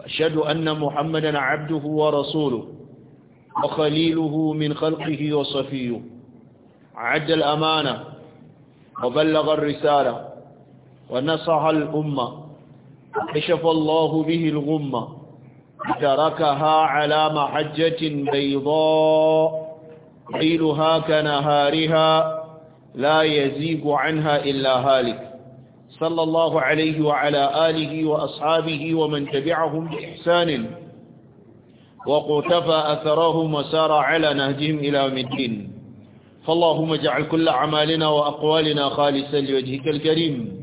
وأشهد أن محمدا عبده ورسوله وخليله من خلقه وصفيه عد الأمانة وبلغ الرسالة ونصح الأمة كشف الله به الغمة تركها على محجة بيضاء ليلها كنهارها لا يزيغ عنها إلا هالك صلى الله عليه وعلى آله وأصحابه ومن تبعهم بإحسان وقتفى أثرهم وسار على نهجهم إلى مدين فاللهم اجعل كل عمالنا وأقوالنا خالصا لوجهك الكريم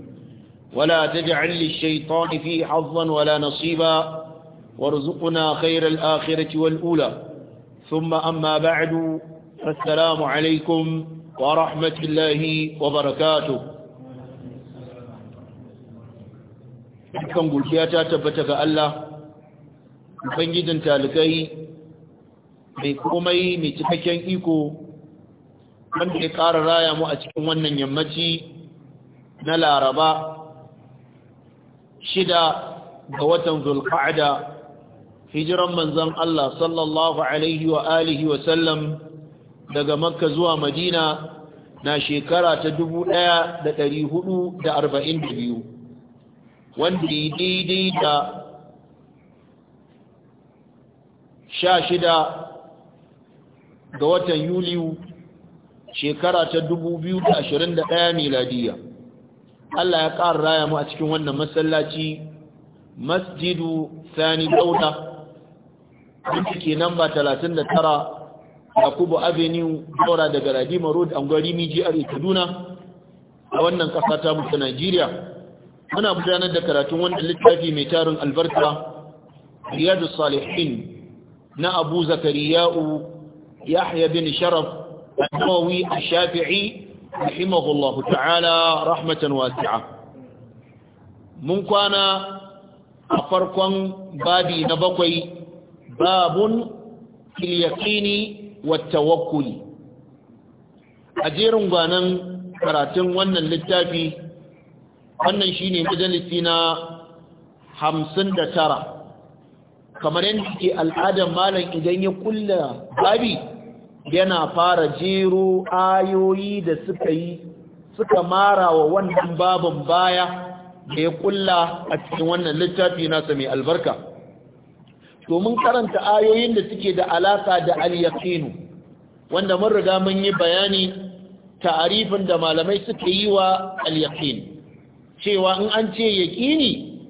ولا تجعل للشيطان فيه حظا ولا نصيبا وارزقنا خير الآخرة والأولى ثم أما بعد فالسلام عليكم ورحمة الله وبركاته dukkan godiya ta tabbata ga Allah ubangijin talikai mai komai mai cikakken iko wanda ya ƙara raya mu a cikin wannan yammaci na laraba shida ga watan zulqa'ada hijiran manzon Allah sallallahu alaihi wa alihi wa sallam daga makka zuwa madina na shekara ta 1442 wanda ya daidai da sha shida ga watan yuliyu shekara ta dubu biyu da da ɗaya 2021 miladiya Allah ya ƙara raya mu a cikin wannan masallaci masjidu sani dauda wanda ke namba tara yakubu avenue daura daga radima road gwari miji a kaduna a wannan ƙasa ta mutu najeriya muna gudanar da karatun wannan littafi mai tarin albarka riyadu salihin na abu zakariya'u yahya bin sharaf al a shafii rahimahullahu ta'ala rahmatan wasi'a mun kwana a farkon babi na bakwai babun fil yaqini a jerin gwanan karatun wannan littafi wannan shi shine majalisi na hamsin da tara kamar yadda ke al'adar malam idan ya kulla babi yana fara jero ayoyi da suka yi suka mara wa wannan babin baya da ya kulla a cikin wannan littafi nasa mai albarka domin karanta ayoyin da suke da alaka da aliyakinu wanda mun riga mun yi bayani ta'arifin da malamai suka yi wa aliyakinu cewa in an ce yaƙini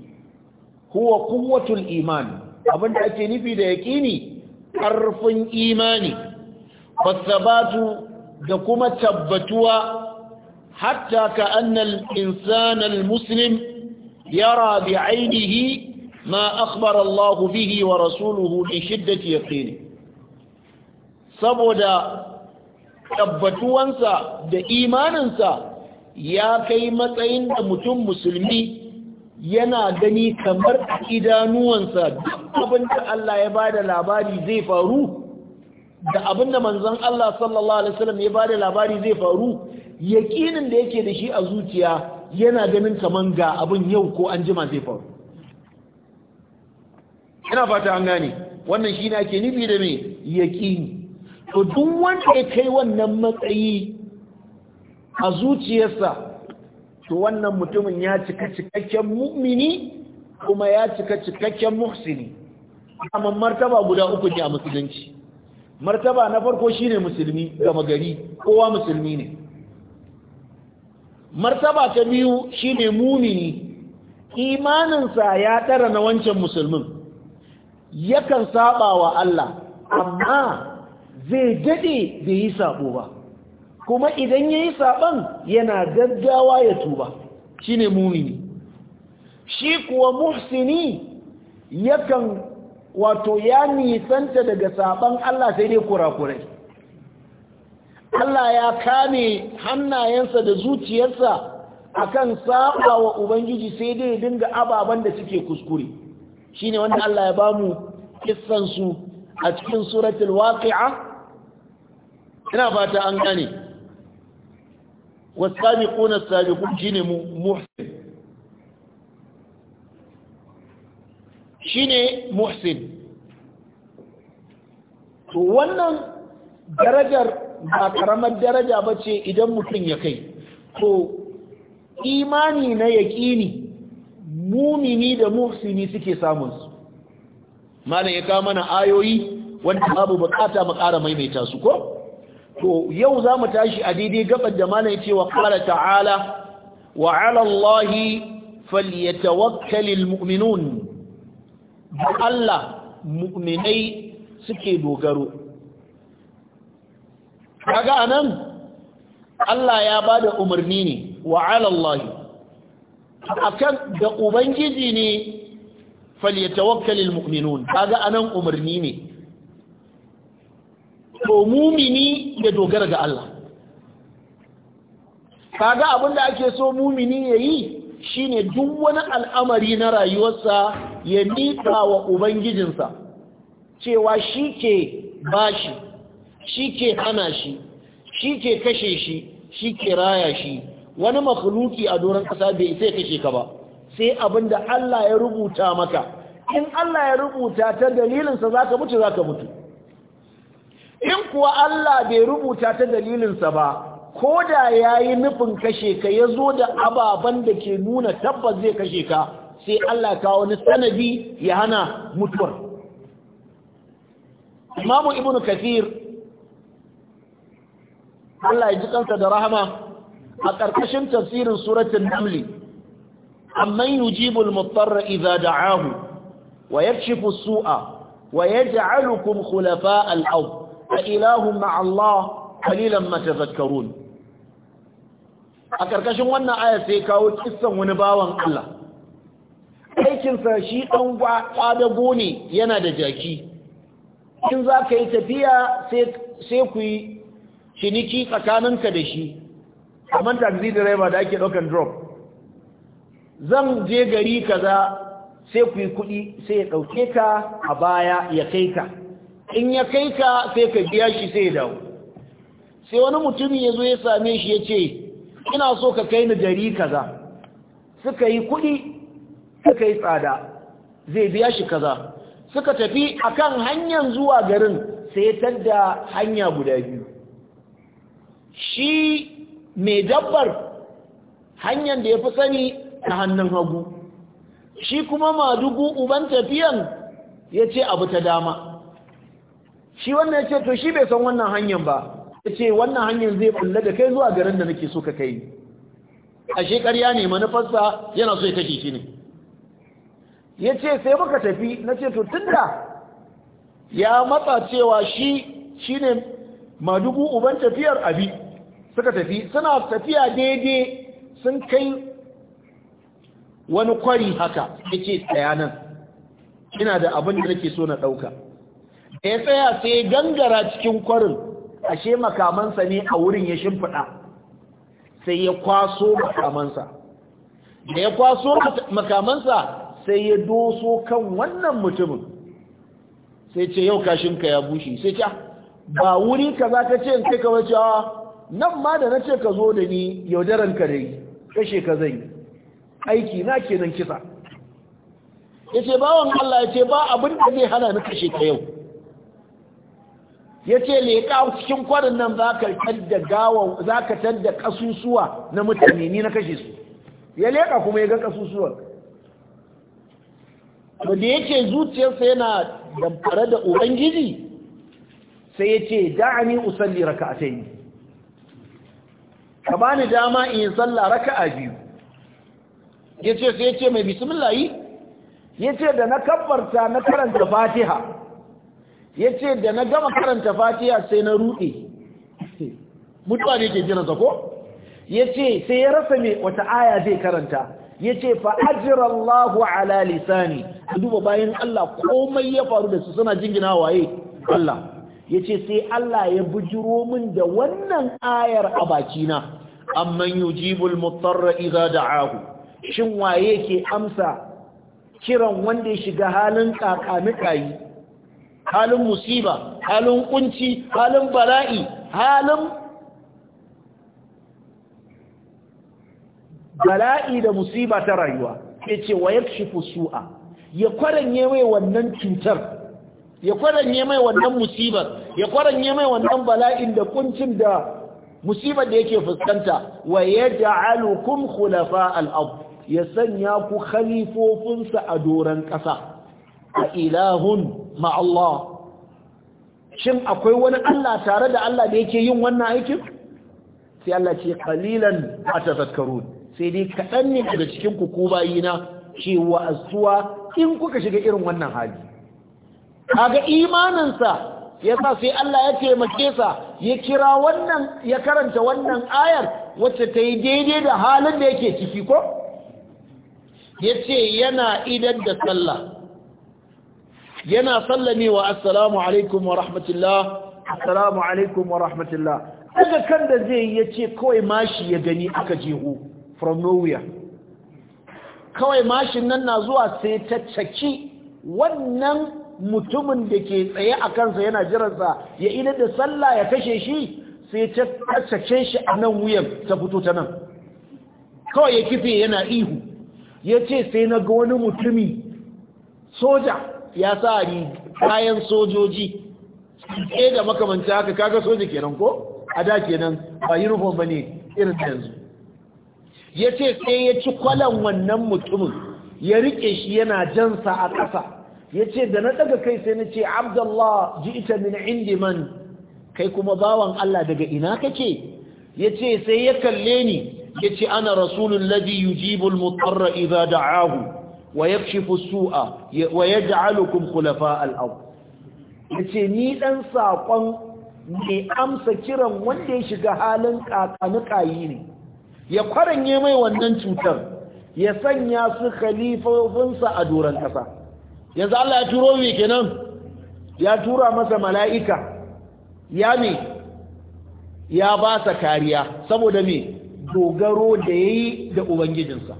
huwa kuwatul abin da ake nufi da yaƙini ƙarfin imani wasabatu da kuma tabbatuwa hatta ka annal insanal muslim yara bi ainihi ma akhbara Allah bihi wa rasuluhu bi shiddati yaqini saboda tabbatuwansa da imaninsa ya kai matsayin da mutum musulmi yana gani kamar a idanuwansa abin da Allah ya bada labari zai faru da abin da manzon Allah sallallahu alaihi wasallam ya bada labari zai faru yakinin da yake da shi a zuciya yana ganin kaman ga abin yau ko an jima zai faru ina fata an gane wannan shi ne ake nufi da mai yakini to duk wanda ya kai wannan matsayi a zuciyarsa to wannan mutumin ya cika cikakken mu'mini kuma ya cika cikakken muhsini amma martaba guda uku ne a musulunci martaba na farko shine musulmi gama gari kowa musulmi ne martaba ta biyu shine mumini imaninsa ya tara na wancan musulmin yakan saba wa Allah amma zai dade bai yi sabo ba kuma idan ya yi saɓan yana gaggawa ya tuba shi ne mumini shi kuwa muhsini yakan wato ya nisanta daga saɓon Allah sai dai kurakurai Allah ya kame hannayensa da zuciyarsa akan saɓa wa ubangiji sai dai dinga ababen da suke kuskure Shi ne wanda Allah ya ba mu su a cikin suratul waƙi'a ina fata an gane والسابقون السابقون شيني محسن shine muhsin to wannan darajar ba karamar daraja ba ce idan mutum ya kai to imani na yaƙini mumini da muhsini suke samunsu malam ya kawo mana ayoyi wanda babu bukata mu ƙara maimaita su ko? to yau za mu tashi a daidai gabar da mana ya ce wa ƙara ta'ala wa alallahi falyatawakkalil mu'minun da Allah mu'minai suke dogaro kaga anan Allah ya bada umarni ne wa alallahi akan da ubangiji ne falyatawakkalil mu'minun kaga anan umarni ne to mumini ya dogara ga Allah kaga abin da ake so mumini ya yi shine duk wani al'amari na rayuwarsa ya miƙa wa ubangijinsa cewa shi ke bashi shi ke hana shi shi ke kashe shi shi ke raya shi wani mafuluki a doron ƙasa bai sai kashe ka ba sai abin da Allah ya rubuta maka in Allah ya rubuta ta dalilinsa za ka mutu za ka mutu in kuwa Allah bai rubuta ta dalilinsa ba ko da ya yi nufin kashe ka ya zo da ababen da ke nuna tabbas zai kashe ka sai Allah kawo wani sanadi ya hana mutuwar imamu ibn kathir Allah ya ji kansa da rahama a ƙarƙashin tafsirin suratun namli amman yujibu al-muttarra idza da'ahu wa yakshifu as-su'a wa yaj'alukum khulafa al ilahu na qalilan kalilan matazakkarun a ƙarƙashin wannan ayar sai kawo kissan wani bawan Allah aikinsa shi ɗan kada ne yana da jaki in za ka yi tafiya sai ku yi ciniki tsakaninka da shi kamar taxi driver da ake ɗaukan drop zan je gari kaza sai ku yi kuɗi sai ya ɗauke ka a baya ya kai ka in ya kai ka sai ka biya shi sai dawo sai wani mutumi ya zo ya same shi ya ce ina so ka kai ni jari kaza suka yi kuɗi suka yi tsada zai biya shi kaza suka tafi akan hanyar zuwa garin sai tadda hanya guda biyu shi mai dabbar hanyar da ya fi sani ta hannun hagu shi kuma madugu uban tafiyan ya ce abu ta dama shi wannan ya ce to shi bai san wannan hanyar ba ya ce wannan hanyar zai bulla da kai zuwa garin da nake so ka kai A shekarya ne manufarsa yana so ya kashe shi ne ya ce sai muka tafi na ce to tunda ya matsa cewa shi shi ne madugu uban tafiyar abi suka tafi suna tafiya daidai sun kai wani kwari haka ya ce tsayanan ina da abin da nake so na ɗauka ya tsaya sai ya gangara cikin kwarin ashe makamansa ne a wurin ya shimfiɗa sai ya kwaso makamansa da ya kwaso makamansa sai ya doso kan wannan mutumin sai ce yau kashinka ya bushe sai ce ah, ba wuri ka za ka ce in kai kawai cewa ah, nan ma da na ce ka zo da ni yaudaranka ka da yi kashe ka zai aiki na kenan kisa ya ce bawan Allah ya ce ba abin da zai hana ni kashe ka yau ya ce leƙa cikin kwarin nan za ka tadda gawa ƙasusuwa na mutane ni na kashe su ya leƙa kuma ya ga ƙasusuwan to da ce zuciyarsa yana damfare da ubangiji sai ya ce da'ani usalli yi ka bani dama in salla a biyu Ya ce sai ya ce mai bismillah yi ce da na kabbarta na karanta fatiha ya ce da na gama karanta fatiya sai na ruɗe mutuwa ne ke jina ko ya ce sai ya rasa mai wata aya zai karanta ya ce fa'ajirallahu ala A duba bayan Allah komai ya faru da su suna jingina waye Allah ya ce sai Allah ya bujiro min da wannan ayar a bakina amman jibul mutarra da ahu shin waye ke amsa kiran wanda ya shiga halin kakani kayi halin musiba halin kunci halin bala'i halin bala'i da musiba ta rayuwa ya ce wa ya su'a ya kwaranye mai wannan cutar ya kwaranye mai wannan musibar ya kwaranye mai wannan bala'in da kuncin da musibar da yake fuskanta wa ya ja'alukum khulafa al ya sanya ku khalifofinsa a doron ƙasa a ilahun ma shin akwai wani Allah tare da Allah da yake yin wannan aikin sai Allah ce qalilan atazakkarun sai dai kadan ne daga cikin ku ku bayina cewa azuwa in kuka shiga irin wannan hali kaga imaninsa yasa sai Allah ya taimake sa ya kira wannan ya karanta wannan ayar wacce ta yi daidai da halin da yake ciki ko yace yana idan da sallah yana sallamewa assalamu alaikum wa rahmatullah assalamu alaikum wa rahmatullah daga kan da zai yi yace kawai mashi ya gani aka jeho from nowhere kawai mashin nan na zuwa sai ta caki wannan mutumin da ke tsaye a kansa yana jiransa ya ina da sallah ya kashe shi sai ta cake shi a nan wuyan ta fito ta nan kawai ya kife yana ihu ya ce sai na ga wani mutumi soja ya sa kayan sojoji ke da makamanta haka kaga soja kenan ko a da kenan ba uniform ba ne irin yanzu ya ce sai ya ci kwalan wannan mutumin ya rike shi yana jansa a ƙasa ya ce da na daga kai sai na ce abdallah ji ita min indi man kai kuma bawan Allah daga ina kake ya ce sai ya kalle ni ya ce ana rasulun ladi yujibul mutarra idza da'ahu ويكشف السوء ويجعلكم خلفاء الأرض yace ni dan sakon mai amsa kiran wanda ya shiga halin kakanukayi ne ya kwaranye mai wannan cutar ya sanya su khalifofinsa a doron ƙasa yanzu Allah ya turo mai kenan ya tura masa mala'ika ya me ya ba sa kariya saboda me dogaro da yayi da ubangijinsa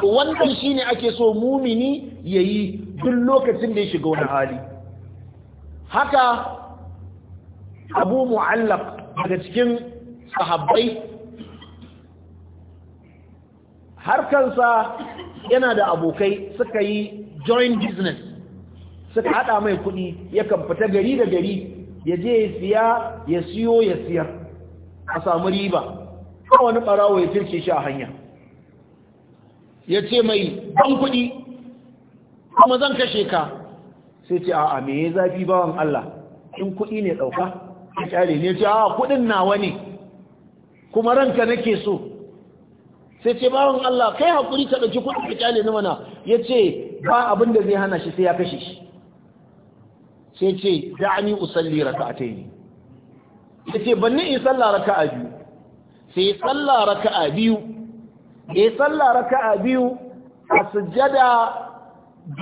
to wannan shine ake so mumini yayi duk lokacin da ya shiga wani hali haka abu mu'allaq daga cikin sahabbai harkansa yana da abokai suka yi joint business suka hada mai kudi kan fita gari da gari ya je ya siya ya siyo ya siya. a samu riba wani barawo ya circe shi a hanya ya ce mai ban kuɗi kuma zan kashe ka sai ce a'a me ya zafi bawan Allah in kuɗi ne ɗauka ya kyale ne ce a'a kuɗin nawa ne kuma ranka nake so sai ce bawan Allah kai haƙuri ta ɗauki kuɗin ka kyale ni mana ya ce ba abin da zai hana shi sai ya kashe shi sai ce da an yi usalli taini ya ce banni in raka a biyu sai raka a biyu ya salla raka'a biyu a sujjada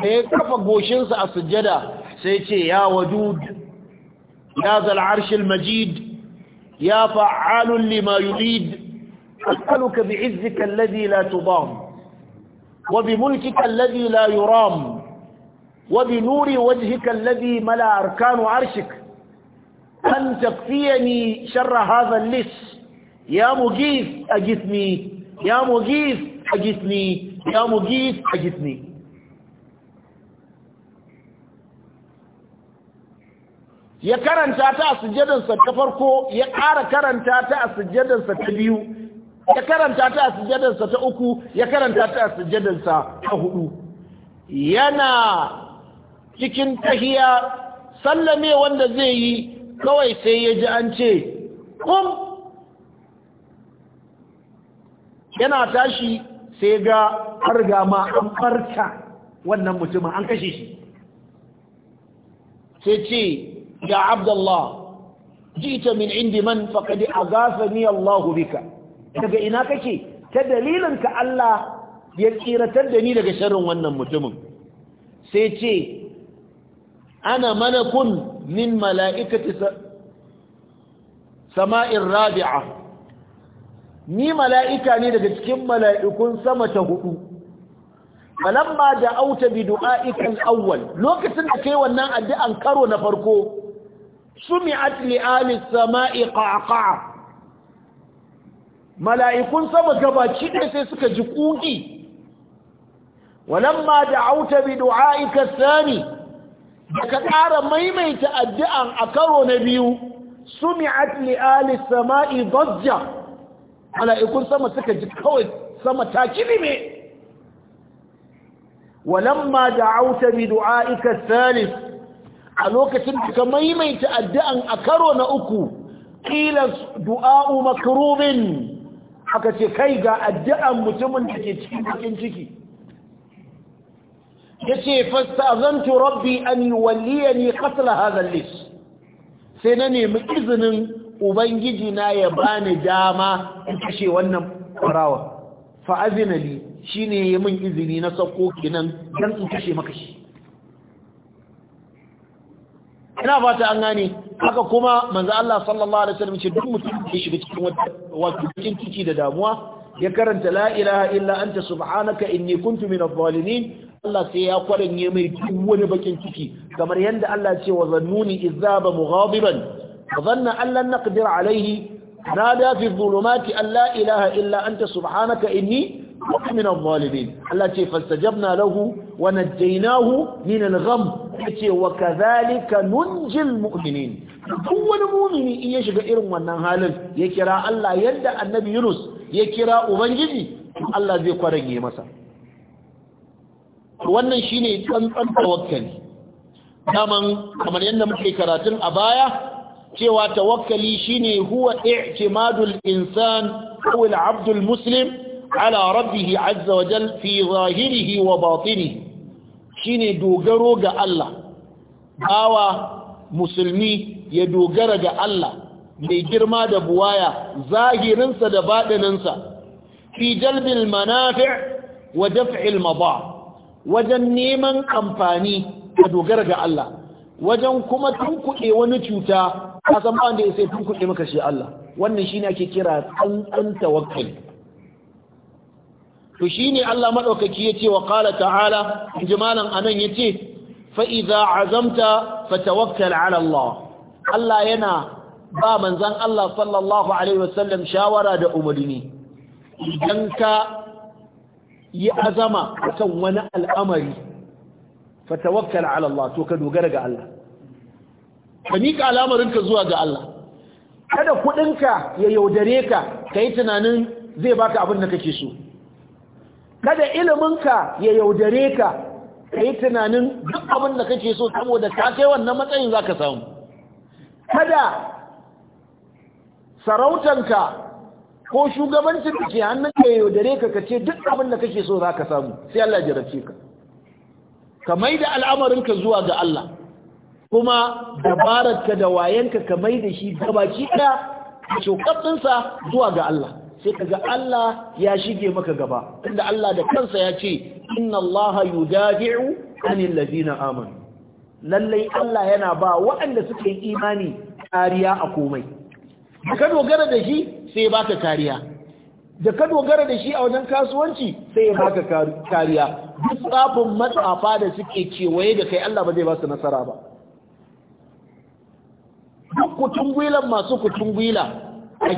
da ya kafa sa a sujjada sai ce ya wadud ya zal arshil majid ya fa'alun lima yurid as'aluka bi'izzika alladhi la tudam wa bi mulkika alladhi la yuram wa bi nuri wajhika alladhi mala arkan arshik an أن sharra hadha al-lis ya مجيث ajithni ya mugis ajisni ya mugis ajisni ya karanta ta a sujjadarsa ta farko ya ƙara karanta ta a sujjadarsa ta biyu ya karanta ta a sujjadarsa ta uku ya karanta ta a sujjadarsa ta hudu yana cikin tahiya sallame wanda zai yi kawai sai ya ji an ce kum yana tashi sai ga an riga ma an farka wannan mutumin an kashe shi sai ce ya abdullah jita min indi man faqad azafani Allah bika daga ina kake ta dalilin ka Allah ya tsiratar da ni daga sharrin wannan mutumin sai ce ana malakun min mala'ikati sama'in rabi'a ni mala'ika ne daga cikin mala'ikun sama ta hudu falamma da auta bi du'a'ikan awwal lokacin da kai wannan addu'an karo na farko sumi'at li ali sama'i qaqa'a mala'ikun sama gabaci ne sai suka ji kuki walamma da auta bi du'a'ika sami. da ka ƙara maimaita addu'an a karo na biyu sumi'at li ali sama'i dajja mala'ikun sama suka ji kawai sama ta kilime walamma Auta bi du'aika thalith a lokacin suka ka maimaita addu'an a karo na uku qila du'a'u makarubin aka ce kai ga addu'an mutumin da ke cikin cikin ciki yace azantu rabbi an yuwalliyani qatl hadha ƙasar lis sai na nemi izinin ubangiji na ya bani dama in kashe wannan farawa fa azina li shine ya min izini na sako kinan dan in kashe maka shi ina fata an gane haka kuma manzo Allah sallallahu alaihi wasallam ce duk mutum da shiga cikin wato cikin ciki da damuwa ya karanta la ilaha illa anta subhanaka inni kuntu minadh zalimin Allah sai ya kwaranye mai duk wani bakin ciki kamar yadda Allah ce wa zannuni izaba mughadiban فظن أن لن نقدر عليه نادى في الظلمات أن لا إله إلا أنت سبحانك إني من الظالمين التي فاستجبنا له ونجيناه من الغم وكذلك ننجي المؤمنين Wani mumini in ya shiga irin wannan halin ya kira Allah yadda annabi Yunus ya kira Ubangiji Allah zai kwarage masa wannan shine tsantsan tawakkali daman kamar yadda muke karatun a baya cewa tawakkali shine huwa i'timadul insan ko al muslim ala rabbih azza wa jal fi zahirihi wa batinihi shine dogaro ga Allah bawa musulmi ya dogara ga Allah mai girma da buwaya zahirinsa da baɗininsa fi jalbil manafi' wa daf'il madar wajen neman amfani a dogara ga Allah wajen kuma tunkuɗe wani cuta ka san ba wanda ya sai tun kuɗi maka shi Allah wannan shine ake kira tsantsan tawakkali to shine Allah madaukaki yace wa qala ta'ala in malam anan yace fa idza azamta fatawakkal ala Allah Allah yana ba manzan Allah sallallahu alaihi wasallam shawara da umarni idan ka yi azama kan wani al'amari fatawakkal ala Allah to ka dogara ga Allah ka miƙa al'amarinka zuwa ga Allah kada kuɗinka ya yaudare ka ka yi tunanin zai baka abin da kake so kada iliminka ya yaudare ka ka yi tunanin duk abin da kake so saboda ka kai wannan matsayin za ka samu kada sarautanka ko shugabancin da ke hannun ka yaudare ka ka ce duk abin da kake so za ka samu sai Allah ya jarabce ka ka mai da al'amarinka zuwa ga Allah kuma dabararka da wayanka ka mai da shi gabaki ɗaya a shokatsinsa zuwa ga Allah sai daga Allah ya shige maka gaba inda Allah da kansa ya ce inna Allah yudafi'u anil ladina amanu lallai Allah yana ba waɗanda suka yi imani kariya a komai da ka dogara da shi sai baka kariya da ka dogara da shi a wajen kasuwanci sai ya baka kariya duk tsafin matsafa da suke kewaye da kai Allah ba zai ba su nasara ba duk kutun masu kutun gwila a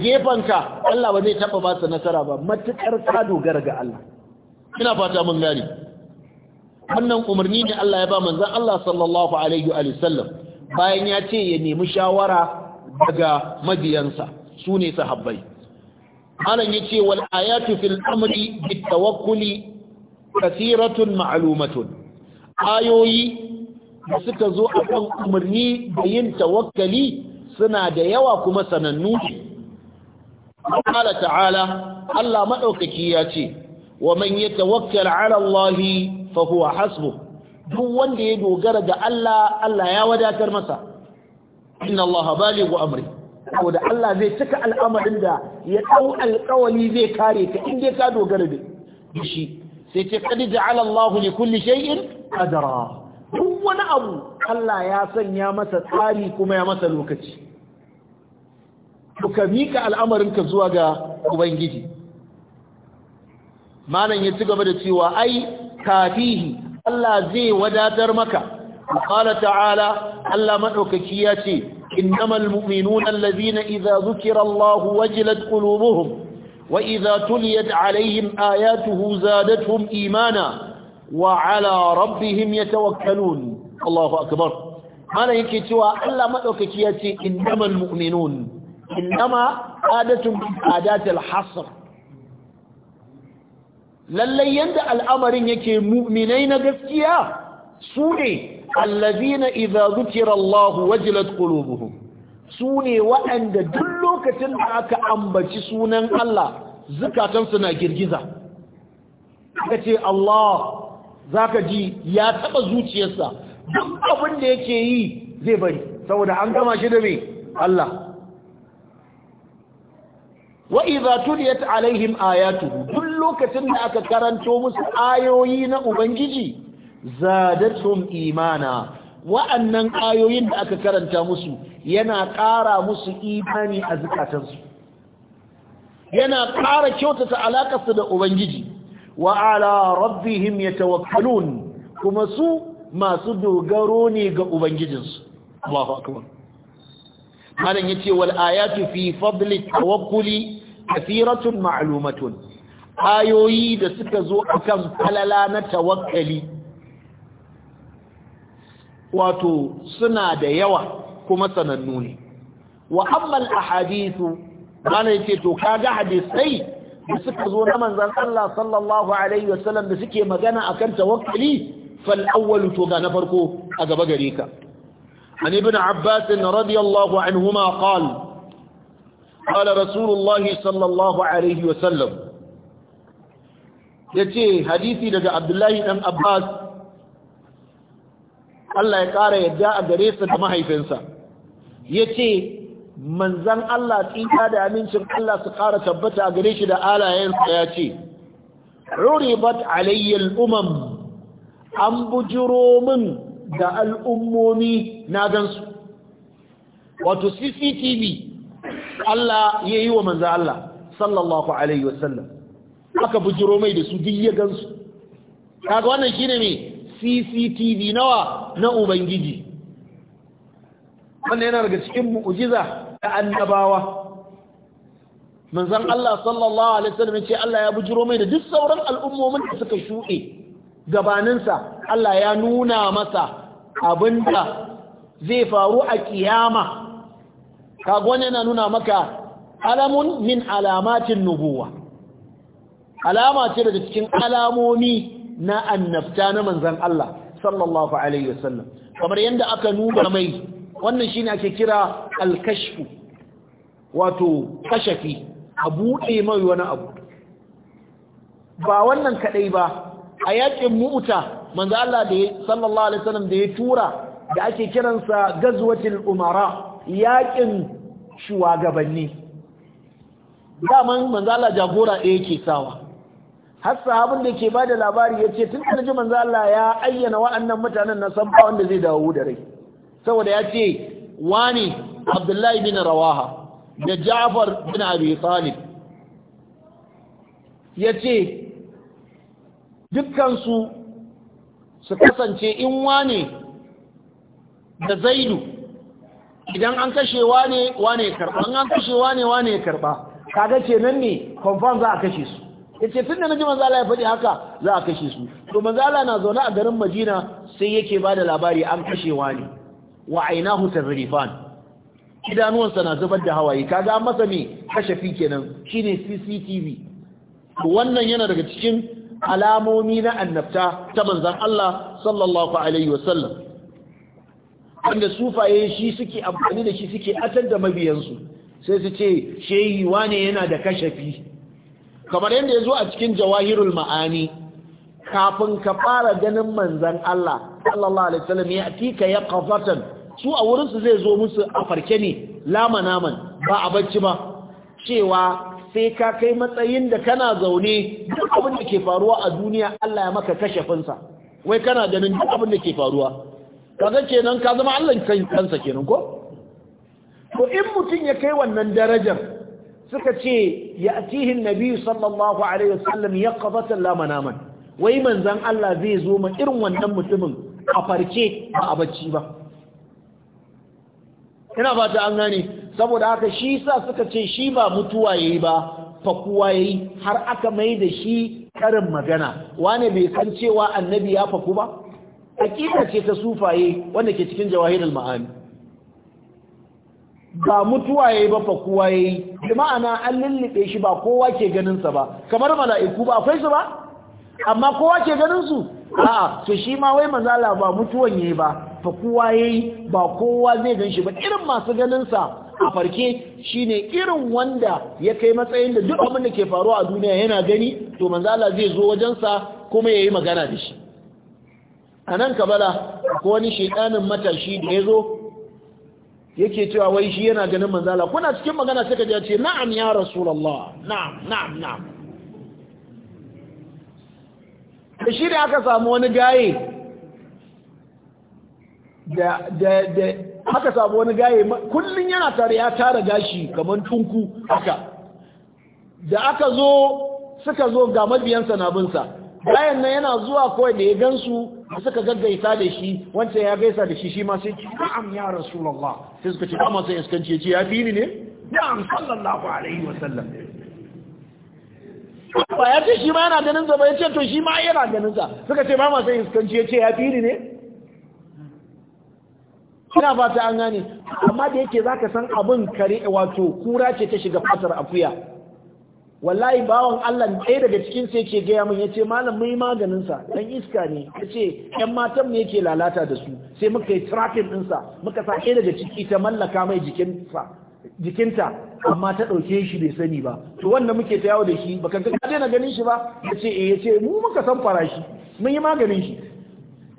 ka. Allah ba zai taba ba nasara ba matukar ka dogara ga Allah ina fata mun gane wannan umarni ne Allah ya ba manzon Allah sallallahu alaihi wa sallam bayan ya ce ya nemi shawara daga mabiyansa sune sahabbai sahabbai ya ce wal ayatu fil amri bit tawakkuli kasiratun ma'lumatun ayoyi da suka zo a kan umarni da yin tawakkali suna da yawa kuma sanannu Allah ta'ala Allah maɗaukaki ya ce wa man yatawakkal ala Allah fa huwa hasbu duk wanda ya dogara ga Allah Allah ya wadatar masa inna Allah balighu amri saboda Allah zai cika al'amarin da ya ɗau alƙawali zai kare ka in dai ka dogara da shi sai ce qad ja'ala Allah li kulli shay'in qadara duk wani abu Allah ya sanya masa tsari kuma ya masa lokaci ka mika al'amarinka zuwa ga ubangiji malam ya ci gaba da cewa ai kafihi Allah zai wadatar maka qala ta'ala Allah madaukaki ya ce innamal mu'minuna allazina idza zukirallahu wajilat qulubuhum wa idza tuliyat alaihim ayatuhu zadatuhum imana وعلى ربهم يتوكلون الله أكبر أنا يكي توا ألا مدوكي يتي إنما المؤمنون إنما عادة من عادات الحصر lallai yanda al'amarin yake mu'minai na gaskiya su ne allazina idza zukira Allah wajilat qulubuhum su ne waɗanda duk lokacin da aka ambaci sunan Allah zukatansu na girgiza aka ce Allah zaka ji ya taba zuciyarsa duk abin da yake yi zai bari saboda an gama shi da mai, Allah wa idza tuliyat alaihim ayatuhu duk lokacin da aka karanto musu ayoyi na ubangiji zadatum imana wa'annan ayoyin da aka karanta musu yana ƙara musu imani a zukatansu yana ƙara kyautata alaƙarsu da ubangiji wa ala rabbihim yatawakkalun kuma su masu dogaro ne ga ubangijinsu Allahu akbar malan yace wal ayatu fi fadli tawakkuli kathiratun ma'lumatun ayoyi da suka zo akan falala na tawakkali wato suna da yawa kuma sanannu ne wa amma al ahadithu malan yace to kaga hadisai da suka zo na manzan Allah sallallahu alaihi wasallam da suke magana akan tawakkali fal awwalu to ga na farko a gaba gare ka an ibn abbas radiyallahu anhuma qala qala rasulullahi sallallahu alaihi wasallam ce, hadisi daga abdullahi ɗan abbas Allah ya ƙara yadda a gare sa da mahaifinsa Ya ce. manzan Allah tsira da amincin Allah su ƙara tabbata a gare shi da alayensa ya ce ruribat alayyar umam an bujiro min da al'ummomi na gansu wato cctv Allah ya yi wa manzan Allah sallallahu alaihi wasallam aka bujiro mai da su duk ya gansu kaga wannan shine ne cctv nawa na ubangiji wannan yana daga cikin mu'jiza ta annabawa manzon Allah sallallahu alaihi wasallam ya ce Allah ya bujiro mai da duk sauran al'ummomin da suka shuɗe gabaninsa Allah ya nuna masa abinda zai faru a kiyama kagwani yana nuna maka alamun min alamatin nubuwa alama ce daga cikin alamomi na annabta na manzan Allah sallallahu alaihi wasallam kamar yadda aka nuna mai wannan shine ake kira alkashfu wato kashafi a buɗe mai wani abu ba wannan kaɗai ba a yaƙin mu'uta manzo Allah da sallallahu alaihi wasallam da ya tura da ake kiransa gazwatul umara yaƙin shugabanni daman manzo Allah jagora ɗaya yake sawa har sahabin da ke bada labari yace tun da ji manzo Allah ya ayyana wa'annan mutanen na san ba wanda zai dawo da rai saboda ya ce wani abdullahi bin rawaha da ja'far bin abi talib ya ce dukkansu su kasance in wane da zaidu idan an kashe wane ya karba an kashe wani wane karba kaga nan ne confirm za a kashe su Ya ce tun da naji ji mazala ya faɗi haka za a kashe su to manzo na zaune a garin majina sai yake bada labari an kashe wani wa ainahu tazrifan idanuwansa na zubar da hawaye kaga an masa me kashafi kenan shine CCTV wannan yana daga cikin alamomi na annabta ta manzon Allah sallallahu alaihi wasallam wanda sufaye shi suke amfani da shi suke atar da mabiyansu sai su ce shehi wane yana da kashafi kamar yadda ya zo a cikin jawahirul ma'ani kafin ka fara ganin manzan Allah sallallahu alaihi wasallam ya atika ya qafatan su a wurin su zai zo musu a farke ne lama naman ba a bacci ba cewa sai ka kai matsayin da kana zaune duk abin da ke faruwa a duniya Allah ya maka kashafin sa wai kana ganin duk abin da ke faruwa kaga kenan ka zama Allah kansa kenan ko to in mutun ya kai wannan darajar suka ce ya atihin nabi sallallahu alaihi wasallam yaqzatan lama naman. wai manzon Allah zai zo ma irin wannan mutumin a farke ba a bacci ba ina ba ta an gane saboda haka shi sa suka ce shi ba mutuwa ya yi ba fakuwa yi har aka mai da shi karin magana wane bai san cewa annabi ya faku ba hakika ce ta sufaye wanda ke cikin jawahirul ma'ani ba mutuwa ya yi ba fakuwa yi. bi ma'ana an lullube shi ba kowa ke ganinsa ba kamar mala'iku ba akwai su ba amma kowa ke ganin su a'a to shi ma wai mazala ba mutuwan yayi ba fa kowa yayi ba kowa zai ganshi ba irin masu ganin sa a farke shine irin wanda ya kai matsayin da duk abin da ke faruwa a duniya yana gani to manzala zai zo wajen sa kuma yayi magana da shi anan kabala ko wani shedanin matashi da yazo yake cewa wai shi yana ganin manzala kuna cikin magana sai ka ce na'am ya rasulullah na'am na'am na'am da shi ne aka samu wani gaye da aka samu wani gaye kullum yana tare ya tara gashi kamar tunku haka da aka zo suka zo ga mabiyansa na binsa bayan nan yana zuwa kawai da ya gansu da suka gaggaisa da shi wanda ya gaisa da shi shi ma sai na'am ya rasulullah sai suka ce ba sai iskanci ya ce ya fi ni ne na'am sallallahu alaihi wasallam ba ya ce shi ma yana ganin sa ya ce to shi ma yana ganin sa suka ce ba ma sai iskanci ya ce ya fi ne ina ba ta an gane amma da yake za ka san abin kare wato kura ce ta shiga fatar akuya wallahi bawan Allah ɗaya daga cikin sai ke gaya min ya ce malam mai maganin sa dan iska ne ya ce ƴan matan mu yake lalata da su sai muka yi trafin din sa muka sa ɗaya daga ciki ta mallaka mai jikin sa jikinta amma ta ɗauke shi bai sani ba to wanda muke ta yawo da shi baka ga ka na ganin shi ba ya ce eh ya ce mu muka san farashi mun yi maganin shi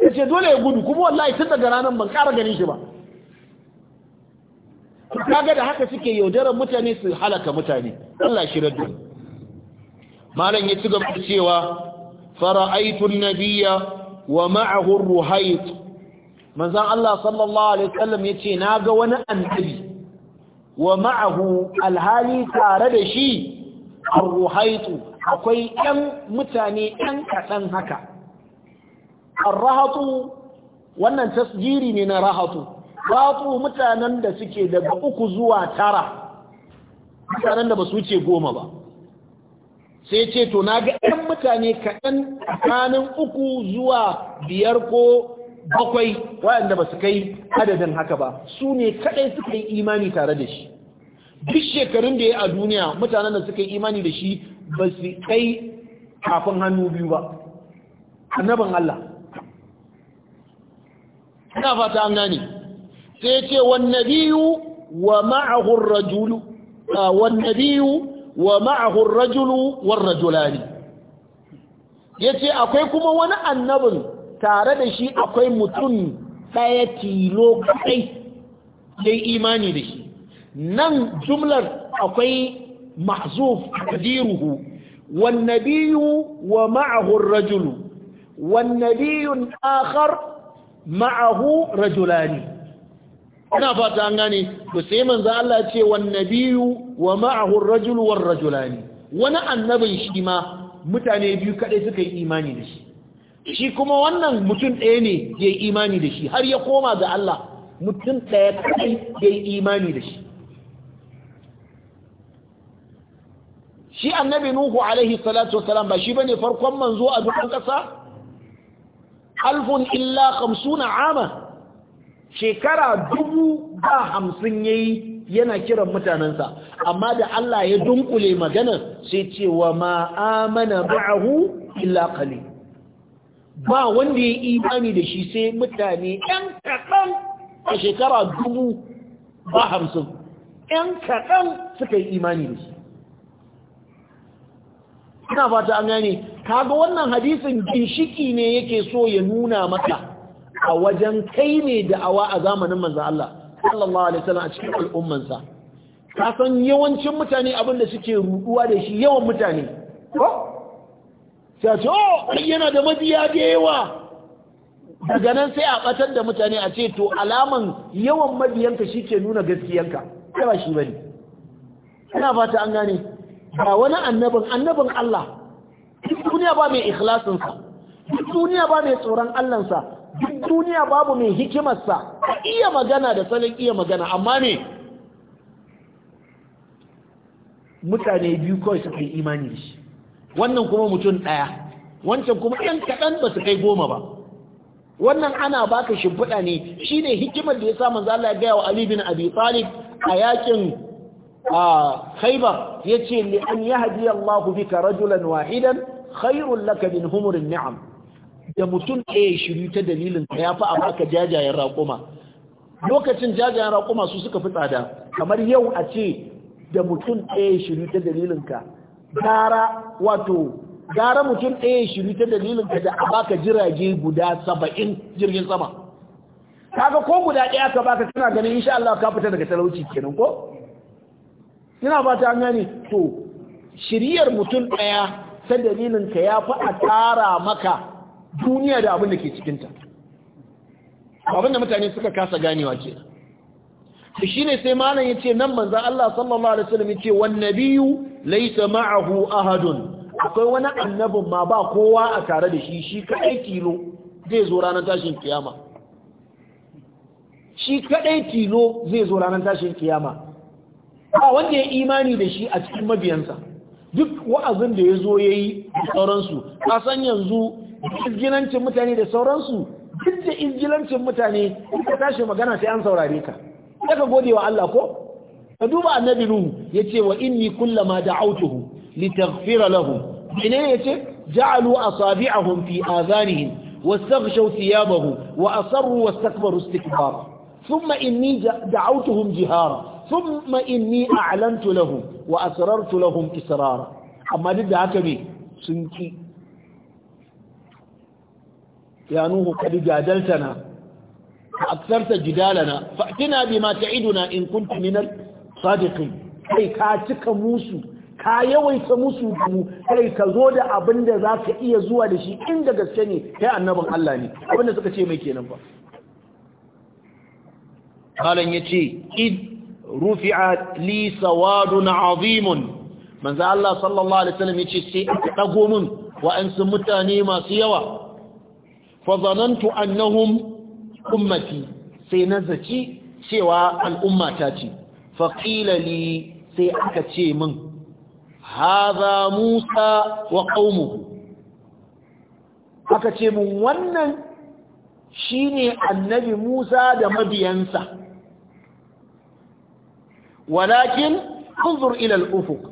ya ce dole ya gudu kuma wallahi tun daga ranar ban ƙara ganin shi ba kaga da haka suke yaudarar mutane su halaka mutane Allah shi raddu malam ya ci gaba da cewa fara'aitu nabiyya wa ma'ahu ruhayt manzon Allah sallallahu alaihi wasallam yace ga wani annabi wa ma'ahu alhali tare da shi arruhaitu akwai 'yan mutane 'yan kaɗan haka arrahatu wannan tasjiri ne na rahatu rahatu mutanen da suke daga uku zuwa tara mutanen da ba su wuce goma ba sai ce to na ga 'yan mutane kaɗan tsakanin uku zuwa biyar ko bakwai waɗanda ba su kai adadin haka ba su ne kaɗai suka yi imani tare da shi duk shekarun da ya a duniya mutanen da suka yi imani da shi ba su kai kafin hannu biyu ba annaban Allah ina fata an gane sai ce wannabiyu wa ma'ahu rajulu a wannabiyu wa ma'ahu rajulu war-rajulani yace akwai kuma wani annabin tare da shi akwai mutum ɗaya tilo kaɗai yi imani da shi nan jumlar akwai mahzuf kadiruhu wannabiyu nabiyyu wa ma'ahu ar-rajulu wan nabiyyun akhar ma'ahu rajulani ina fata an gane to sai manzo Allah ce wan wa ma'ahu rajulu war rajulani wani annabin shi ma mutane biyu kadai suka yi imani da shi shi kuma wannan mutum ɗaya ne ya yi imani da shi har ya koma ga Allah mutum ɗaya kai ya yi imani da shi shi annabi nuhu alaihi salatu wasalam ba shi ne farkon manzo a dukkan ƙasa alfun illa Kamsuna ama shekara dubu ba hamsin yayi yana kiran mutanensa amma da Allah ya dunkule maganar sai ce wa ma ba'ahu illa qalil ba wanda ya imani da shi sai mutane ɗan kaɗan a shekara dubu ba hamsin ɗan kaɗan suka yi imani da shi ina fata an gane kaga wannan hadisin ginshiki ne yake so ya nuna maka a wajen kai ne da'awa a zamanin manzan Allah sallallahu alaihi wasallam a cikin al'ummansa ka san yawancin mutane abin da suke ruduwa da shi yawan mutane ko sai o ce oh, yana da mabiya da yawa daga nan sai a batar da mutane a ce to alaman yawan mabiyanka shi ke nuna gaskiyanka sai ba shi ba ne ina fata an gane ba wani annabin annabin Allah duk duniya ba mai ikhlasinsa duk duniya ba mai tsoron Allahnsa duk duniya babu mai hikimarsa iya magana da salon iya magana amma ne mutane biyu kawai su kai imani da shi wannan kuma mutum ɗaya wancan kuma ɗan kaɗan ba su kai goma ba wannan ana baka shimfiɗa ne shine hikimar da ya sa manzo Allah ya gaya wa Ali bin Abi Talib a yakin a Ya yace li an yahdi Allahu bika rajulan wahidan khairul laka min humurin ni'am da mutum ɗaya shiru ta dalilin ya fi a baka jajayen raƙuma lokacin jajayen raƙuma su suka fi tsada kamar yau a ce da mutum ɗaya shiru ta dalilinka gara wato gara mutum ɗaya ya shiru ta dalilin ka da a baka jirage guda saba'in jirgin sama kaga ko guda ɗaya ka baka tana ganin sha Allah ka fita daga talauci kenan ko ina ba ta gani to shiriyar mutum ɗaya ta dalilin ka ya fi a tsara maka duniya da abin da ke cikinta abin da mutane suka kasa ganewa kenan to shine sai malam yace nan manzo Allah sallallahu alaihi wasallam yace wan nabiyyu laysa ma'ahu ahadun akwai wani annabin ma ba kowa a tare da shi shi kadai tilo zai zo ranar tashin kiyama shi kadai tilo zai zo ranar tashin kiyama ba wanda ya imani da shi a cikin mabiyansa duk wa'azin da ya zo ya yi da sauransu a san yanzu izgilancin mutane da sauransu duk da izgilancin mutane ka tashi magana sai an saurare ka sai ka gode wa Allah ko ka duba annabi nuhu yace wa inni kullama da'awtuhu litaghfira lahum ina yace ja'alu asabi'ahum fi adhanihim wastaghshaw thiyabahu wa asarru wastakbaru istikbar thumma inni da'awtuhum jihara thumma inni a'lantu lahum wa asrartu lahum israra amma duk da haka ne sun ki ya nuhu kadi jadaltana aktarta jidalana fa'tina bima ta'iduna in kuntum minal sadiqin kai ka cika musu ka yawaita musu mu kai ka zo da abin da zaka iya zuwa da shi inda gaske ne kai annabin Allah ne abin da suka ce mai kenan ba halan yace id rufi'a li sawadun azimun manzo Allah sallallahu alaihi wasallam yace sai aka dago min wa'ansu mutane masu yawa fa zanantu annahum ummati sai na zaci cewa al'ummata ce faƙila sai aka ce min haza musa wa ƙaumu aka ce min wannan shine annabi musa da mabiyansa walakin kunzur ilal ufuk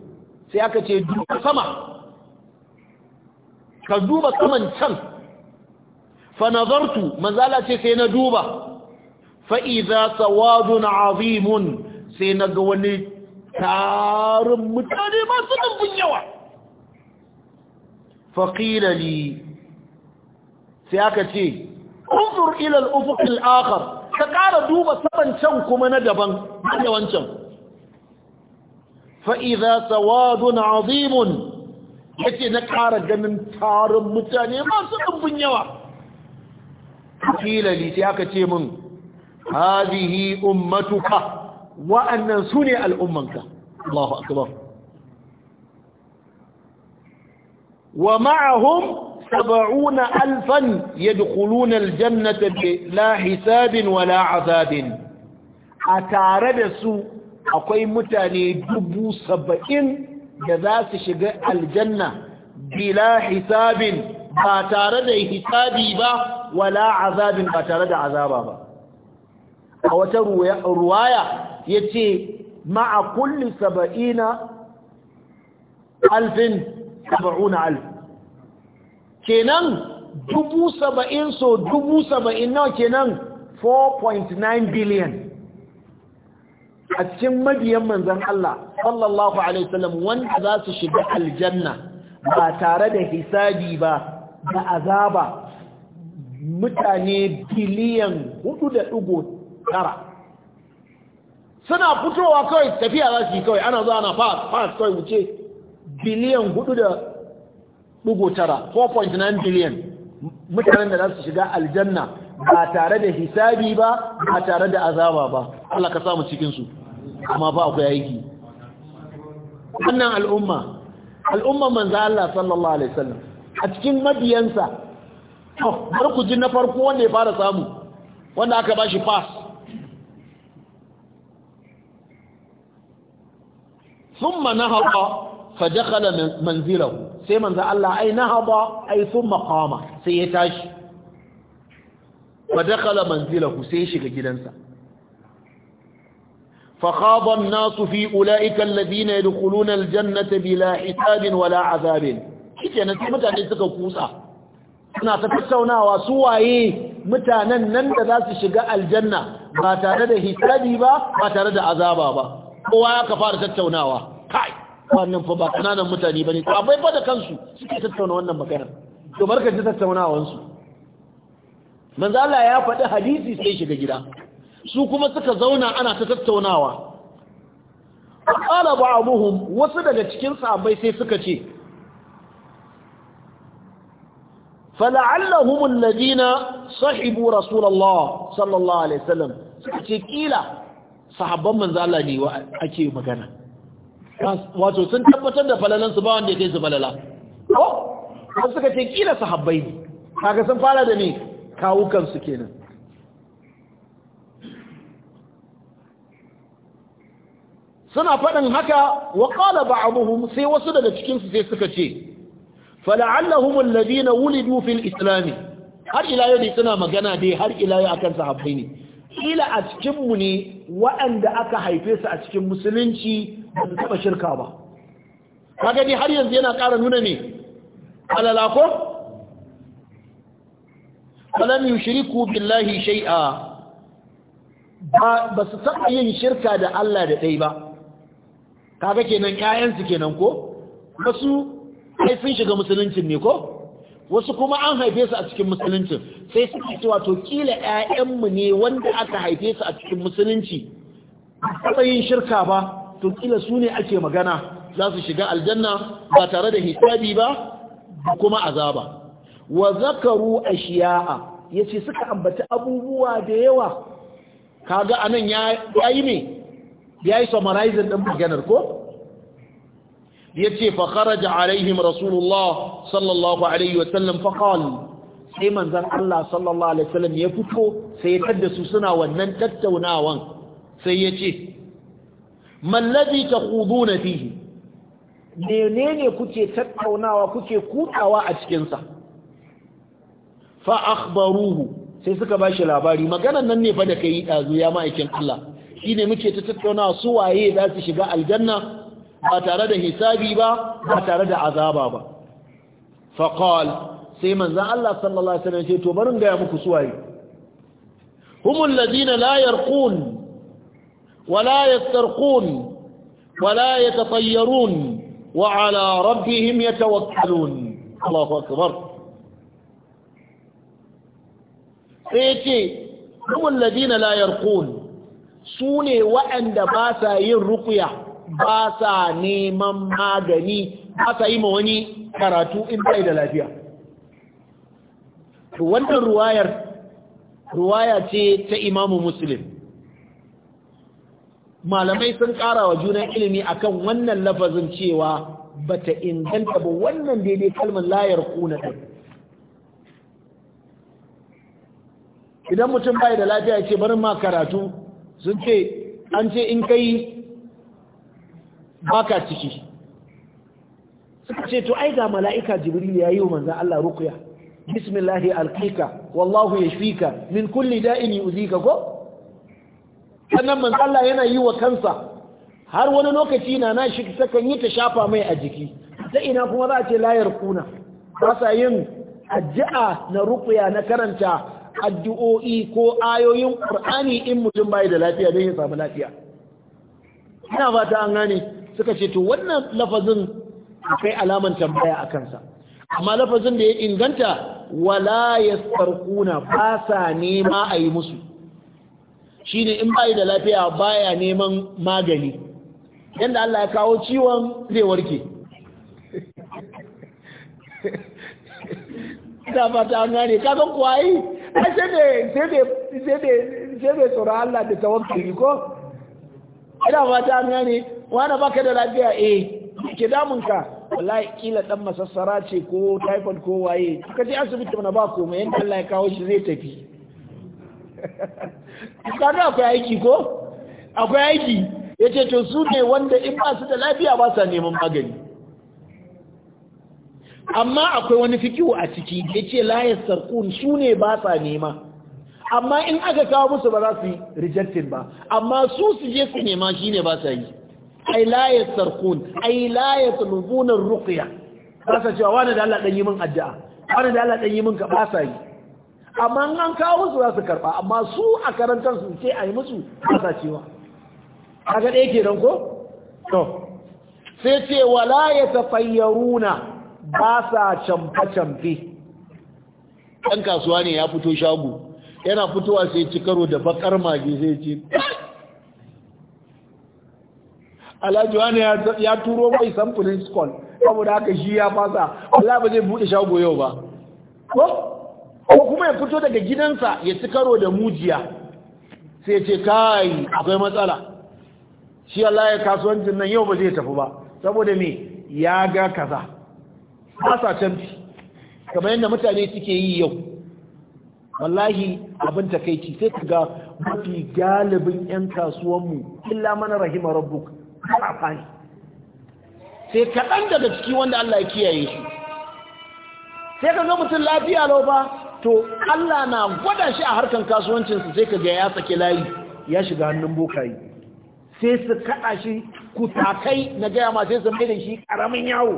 sai aka ce duka sama ka duba saman can fa manzala ce sai na duba fa idza sawadun azimun sai na ga wani tarin mutane masu dubbin yawa fa qila li sai aka ce unzur ila al-ufuq al-akhar ka ƙara duba saman can kuma na daban da wancan fa'iza sawadun azimun ya ce na ƙara ganin tarin mutane masu ɗumbin yawa kila li sai aka ce min hadhihi ummatuka wa annan sune al'ummanka Allahu akbar wa ma'ahum 70000 yadkhuluna aljannata la hisabin wa la azabin atare da su akwai mutane dubu 70000 da za su shiga aljanna bila hisabin ba tare da hisabi ba wala azabin ba tare da azaba ba a wata ruwaya ya ce ma'a kulli saba'ina alfin saba'una alfin kenan dubu saba'in so dubu saba'in nawa kenan 4.9 billion a cikin mabiyan manzan Allah sallallahu Alaihi wasallam wanda za su shiga aljanna ba tare da hisabi ba da azaba mutane biliyan hudu da ɗigo tara suna fitowa kawai tafiya za su yi kawai ana zuwa na fas kawai wuce biliyan hudu da ɗigo tara 4.9 biliyan mutanen da za su shiga aljanna ba tare da hisabi ba ba tare da azaba ba Allah ka samu cikinsu amma ba akwai aiki wannan al'umma al'umman manzo Allah sallallahu alaihi wasallam a cikin mabiyansa to har ku ji na farko wanda ya fara samu wanda aka ba bashi pass thumma nahaba fa dakhala manzilahu sai manzo Allah ai nahaba ai thumma qama sai ya tashi fa dakhala manzilahu sai ya shiga gidansa فخاض الناس في أولئك الذين يدخلون الجنة بلا حساب ولا عذاب shike na mutane suka kusa suna ta tattaunawa su waye mutanen nan da za su shiga aljanna ba tare da hisabi ba ba tare da azaba ba kowa ya ka fara tattaunawa kai wannan fa ba kananan mutane bane to abai fa da kansu suke tattauna wannan magana to barka ji tattaunawansu manzo Allah ya faɗi hadisi sai shiga gida su kuma suka zauna ana ta tattaunawa qala ba'dhum wasu daga cikin sahabbai sai suka ce fala'allahum alladhina sahibu rasulullah sallallahu alaihi wasallam ce kila sahabban manzo ake magana wato sun tabbatar da falalan su ba wanda yake su falala ko suka ce kila sahabbai ne kaga sun fara da ni kawukan su kenan suna faɗin haka wa ƙala ba sai wasu daga cikinsu sai suka ce fala'allahum alladhina wulidu fil islami. har ila yau suna magana dai har ila yau akan sahabbai ne kila a cikin mu ne waɗanda aka haife su a cikin musulunci ba su taba shirka ba kaga dai har yanzu yana ƙara nuna ne alala ko falam yushriku billahi shay'a ba su taɓa yin shirka da Allah da ɗai ba kaga kenan 'ya'yansu kenan ko wasu haifin shiga musuluncin ne ko wasu kuma an haife su a cikin musuluncin sai suka ce wato kila ƴaƴanmu ne wanda aka haife su a cikin musulunci ba yin shirka ba to kila su ne ake magana za su shiga aljanna ba tare da hisabi ba kuma azaba wa zakaru ashiya'a yace suka ambata abubuwa da yawa kaga anan ya yi ne yayi summarizing din maganar ko yace fa kharaja alaihim rasulullah sallallahu alaihi wasallam fa sai manzon Allah sallallahu alaihi wasallam ya fito sai ya tada su suna wannan tattaunawan sai yace man ladhi takhuduna fihi menene kuke tattaunawa kuke kutawa a cikin sa fa akhbaruhu sai suka bashi labari maganan nan ne fa da kai dazu ya ma'aikin Allah shine muke ta tattaunawa su waye za su shiga aljanna ba tare da hisabi ba ba tare da azaba ba faqal sai manzon Allah sallallahu alaihi wasallam ce to barin ga muku suwaye humul ladina la yarqun wala yastarqun wala yatatayyarun wa ala rabbihim yatawakkalun Allahu akbar sai ce humul ladina la yarqun sune waɗanda ba sa yin ruqya ba sa neman magani ba sa yi ma wani karatu in bai da lafiya wannan ruwayar ruwaya ce ta imamu Musulun. malamai sun ƙara wa junan ilimi akan wannan lafazin cewa ba ta inganta ba wannan daidai kalmar layar kuna ɗan. idan mutum bai da lafiya ce barin ma karatu sun ce an ce in kai baka ciki suka ce to ai ga mala'ika jibril ya yi wa manzan Allah ruqya bismillah alqika wallahu yashfika min kulli da'in yu'zika ko sannan Manza Allah yana yi wa kansa har wani lokaci na na shi sakan yi ta shafa mai a jiki sai ina kuma za a ce layar kuna ba sa yin addu'a na ruqya na karanta addu'o'i ko ayoyin qur'ani in mutum bai da lafiya don ya samu lafiya ina fata an gane suka ce to wannan lafazin akwai alaman tambaya a kansa amma lafazin da ya inganta wala yastarquna ba sa nema a yi musu shi ne in bayi da lafiya baya neman magani yadda Allah ya kawo ciwon zai warke ta fata an gane kaga kuwa yi sai da sai da da tsoron Allah da tawakkali ko ina ba ta gane wani baka da lafiya eh ke damunka wallahi kila dan masassara ce ko typhoid ko waye ka je asibiti mana ba ko yanda Allah ya kawo shi zai tafi ga akwai aiki ko akwai aiki yace to su ne wanda in ba su da lafiya ba sa neman magani amma akwai wani fikihu a ciki yace la yasarqun su ne ba sa nema amma in aka kawo musu ba za su yi rejectin ba amma su su je su nema shi ne ba sa yi ai la yasarqun ai la yatlubuna ruqya ba sa cewa wani da Allah dan yi min addu'a wani da Allah dan yi min ka ba sa yi amma an kawo musu za su karba amma su a karantar su ce ai musu ba sa cewa kaga dai kenan ko to sai ce wala yatafayyaruna ba sa camfe camfe dan kasuwa ne ya fito shago yana fitowa sai ci karo da bakar mage sai ci alhaji wani ya turo mai samfunin skull saboda haka shi ya fasa Allah ba zai bude shago yau ba ko kuma ya fito daga gidansa ya ci karo da mujiya sai ce kai akwai matsala shi Allah ya kasuwancin nan yau ba zai tafi ba saboda me ya ga kaza ba sa canfi kamar yadda mutane suke yi yau wallahi abin takaici sai ka ga mafi galibin 'yan kasuwanmu illa mana rahima rabbuk ba fani sai kaɗan daga ciki wanda Allah ya kiyaye shi. sai ka ga mutum lafiya lau ba to Allah na gwada shi a harkan kasuwancinsa sai ka ga ya sake layi ya shiga hannun bokayi sai su kaɗa shi kutakai na gaya ma sai su mai shi ƙaramin yawo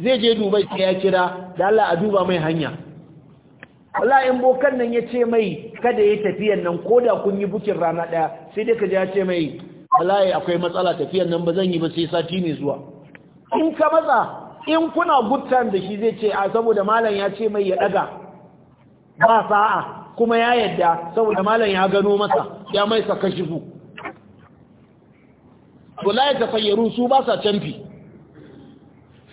zai je dubai sai ya kira da Allah a duba mai hanya wallahi in bokan nan ya ce mai kada ya tafiyan nan ko da kun yi bukin rana ɗaya sai dai ka ji ya ce mai wallahi akwai matsala tafiyan nan ba zan yi ba sai sati ne zuwa in ka matsa in kuna good time da shi zai ce a saboda malam ya ce mai ya ɗaga ba sa'a kuma ya yadda saboda malam ya gano masa ya mai saka shifu ya tafayyaru su ba sa canfi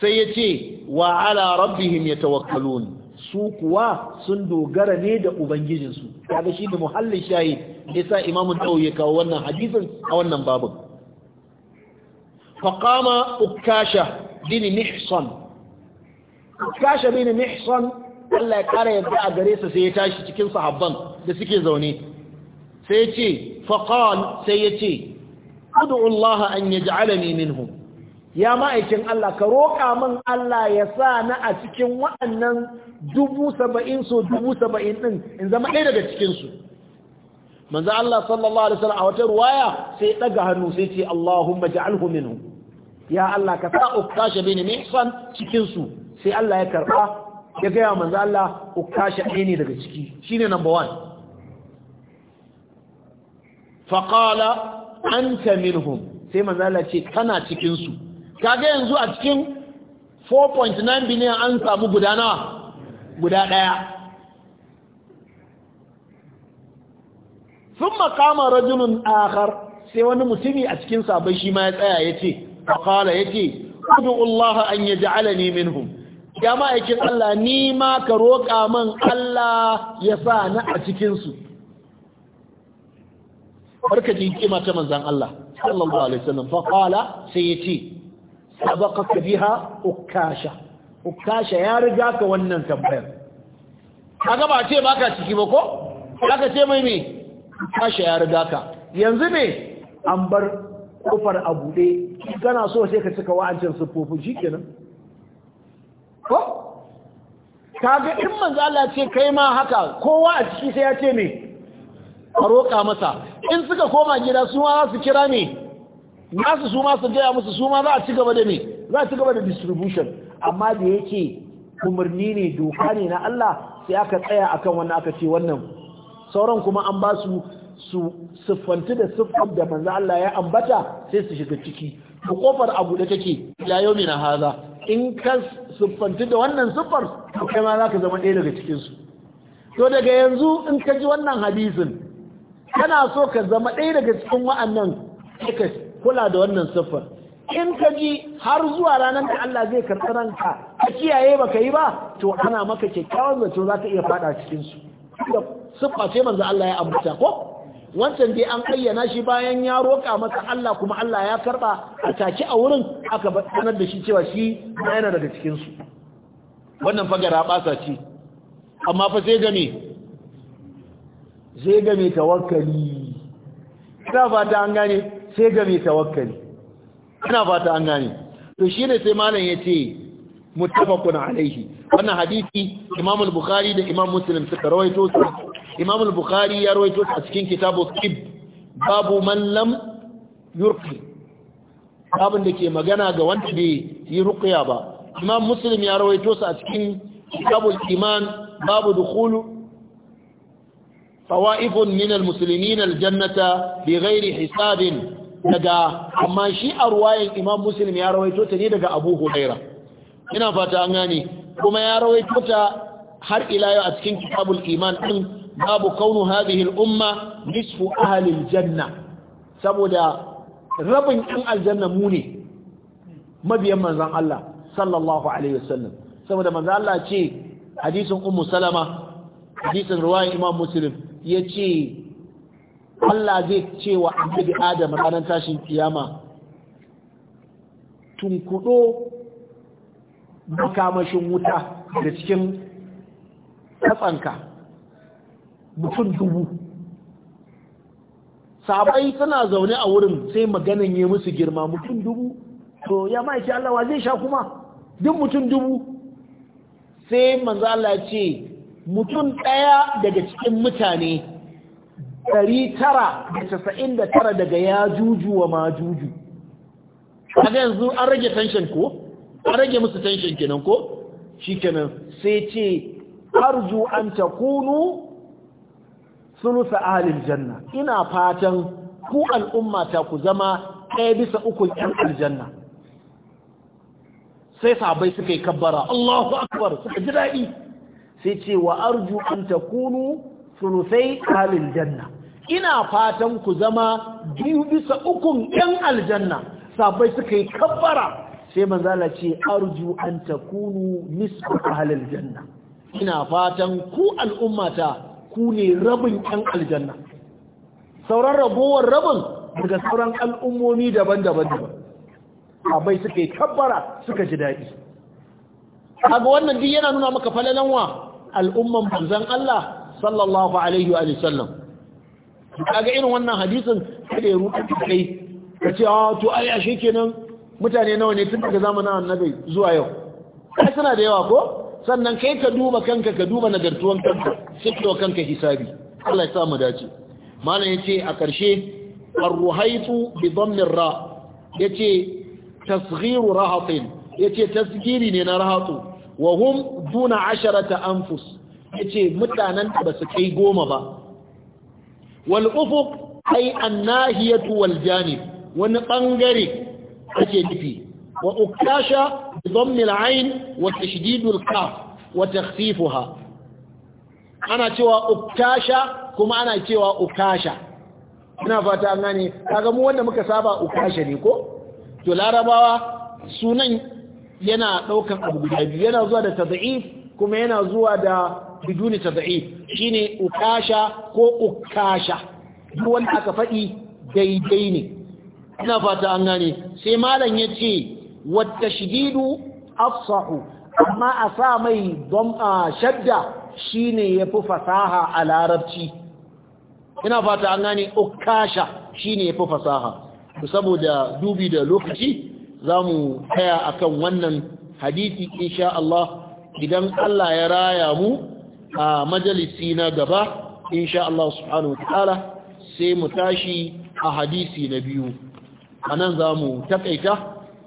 sai ya ce wa ala rabbihim yatawakkalun su kuwa sun dogara ne da ubangijinsu kaga shi da muhallin shayi yasa imamu nawawi ya kawo wannan hadisin a wannan babin faqama ukasha bini mihsan ukasha bin mihsan Allah ya kara yadda a gare sa sai ya tashi cikin sahabban da suke zaune sai ya ce faqal sai ya ce ud'u Allah an yaj'alani minhum ya ma'aikin Allah ka roƙa min Allah ya sa na a cikin waɗannan dubu saba'in so dubu saba'in ɗin in zama ɗaya daga cikinsu manzo Allah sallallahu alaihi wasallam a wata ruwaya sai ɗaga hannu sai ce Allahumma ja'alhu minhu ya Allah ka sa uktasha bin mihsan cikin su sai Allah ya karba ya ga manzo Allah ɗaya ne daga ciki shine number 1 faqala anta minhum sai manzo Allah ce kana cikin su kaga yanzu a cikin 4.9 biliyan an samu guda nawa guda ɗaya sun makama rajulun akar sai wani mutumi a cikin sabai shi ma ya tsaya ya ce a ya ce Allah an ya ja'ala ne min hun ya ma'aikin Allah ni ma ka roƙa man Allah ya sa na a cikinsu barka ji kima ta manzan Allah sallallahu alaihi wasallam fa qala sai ce. sabaqaka biha ukasha ukasha ya riga ka wannan tambayar kaga ba ce baka ciki ba ko zaka ce mai me ukasha ya riga ka yanzu me an bar kofar a bude kana so sai ka cika wa'ancin siffofi shikenan ko kaga in manzo Allah ce kai ma haka kowa a ciki sai ya ce me a roƙa masa in suka koma gida su ma za su kira me nasu su ma su gaya musu su ma za a ci gaba da ne. za a ci gaba da distribution amma da yake umarni ne doka ne na Allah sai aka tsaya akan wannan aka ce wannan sauran kuma an ba su su siffanti da siffar da manzo Allah ya ambata sai su shiga ciki ko kofar abu da take ya yau na haza in ka siffanti da wannan siffar to kai ma zaka zama ɗaya daga cikin su to daga yanzu in ka ji wannan hadisin kana so ka zama ɗaya daga cikin wa'annan sai kula da wannan siffar in ka ji har zuwa ranar da Allah zai karɓi ranka ka kiyaye baka yi ba to ana maka kyakkyawan zato za ka iya faɗa cikin su da siffa ce manzo Allah ya ambata ko wancan dai an ayyana shi bayan ya roƙa masa Allah kuma Allah ya karɓa a take a wurin aka sanar da shi cewa shi yana daga cikin su wannan fagara basa ce amma fa sai game sai game tawakkali ina fata an gane sai ga mai tawakkali ina fata an gane to shine sai malam yace muttafaqun alaihi wannan hadisi Imam al-Bukhari da Imam Muslim suka rawaito su Imam al-Bukhari ya rawaito a cikin kitabu kib, babu man lam yurqi abin da ke magana ga wanda bai yi ruqya ba Imam Muslim ya rawaito su a cikin kitabul iman babu dukhulu طوائف من المسلمين الجنة بغير hisabin. daga amma shi a ruwayan imam muslim ya rawaito ta ne daga abu huraira ina fata an gane kuma ya rawaito ta har ila yau a cikin kitabul iman din babu kaunu hadhihi al-umma nisfu ahli al-janna saboda rabin ɗan aljanna mu ne mabiyan manzon Allah sallallahu alaihi wasallam saboda manzon Allah ce hadisin ummu salama hadisin riwayar imam muslim yace Allah zai ce wa annabi Adam ranar tashin kiyama tunkudo makamashin wuta da cikin katsanka mutum dubu sabai suna zaune a wurin sai maganan ya musu girma mutum dubu to ya ma'aiki Allah wa zai sha kuma duk mutum dubu sai manzo Allah ce mutum ɗaya daga cikin mutane ɗari tara daga ya juju wa ma juju yanzu an rage tension ko an rage musu tension kenan ko kenan sai ce arju an kunu, sulusa ahlil janna ina fatan ku al'umma ta ku zama ɗaya bisa ukun ƴan aljanna sai sabai suka yi kabbara Allahu akbar suka ji daɗi sai ce wa arju an kunu, sulusai ahlil janna ina fatan ku zama biyu bisa ukun ɗan aljanna sabai suka yi kabbara sai manzala ce arju an takunu A ahlil janna ina fatan ku al'ummata ku ne rabin ɗan aljanna sauran ragowar rabin daga sauran al'ummomi daban-daban daban abai suka yi kabbara suka ji daɗi ga wannan duk yana nuna maka falalanwa wa al'umman manzan Allah sallallahu alaihi wa sallam kaga irin wannan hadisin da ya rubuta kai ka ce a ah, to ai ashe kenan mutane nawa ne tun daga zamanin annabi zuwa yau kai suna da yawa ko sannan kai ka duba kanka ka duba nagartuwan kanka sai ka kanka hisabi Allah ya sa mu dace malam yace a karshe ar-ruhaytu bi dhammir ra yace tasghir rahatin yace tasgiri ne na rahatu wa hum duna asharata anfus yace mutanen da basu kai goma ba wal ufuk ai an-nahiyatu wal janib wani bangare ake nufi wa ukasha bi dhamm wata ayn wa tashdid ana cewa ukasha kuma ana cewa ukasha ina fata an gane kaga wanda muka saba ukasha ne ko to larabawa sunan yana ɗaukan abu guda biyu yana zuwa da tad'if kuma yana zuwa da biduni tabi'i shine ukasha ko ukasha duk wanda aka faɗi daidai ne ina fata an gane sai malam ya ce wata shididu afsahu amma a sa mai dhamma shadda shine yafi fasaha a larabci ina fata an gane ukasha shine yafi fasaha saboda dubi da lokaci zamu tsaya akan wannan hadisi insha Allah idan Allah ya raya mu a majalisi na gaba insha Allah subhanahu wataala sai mu tashi a hadisi na biyu a nan za mu taƙaita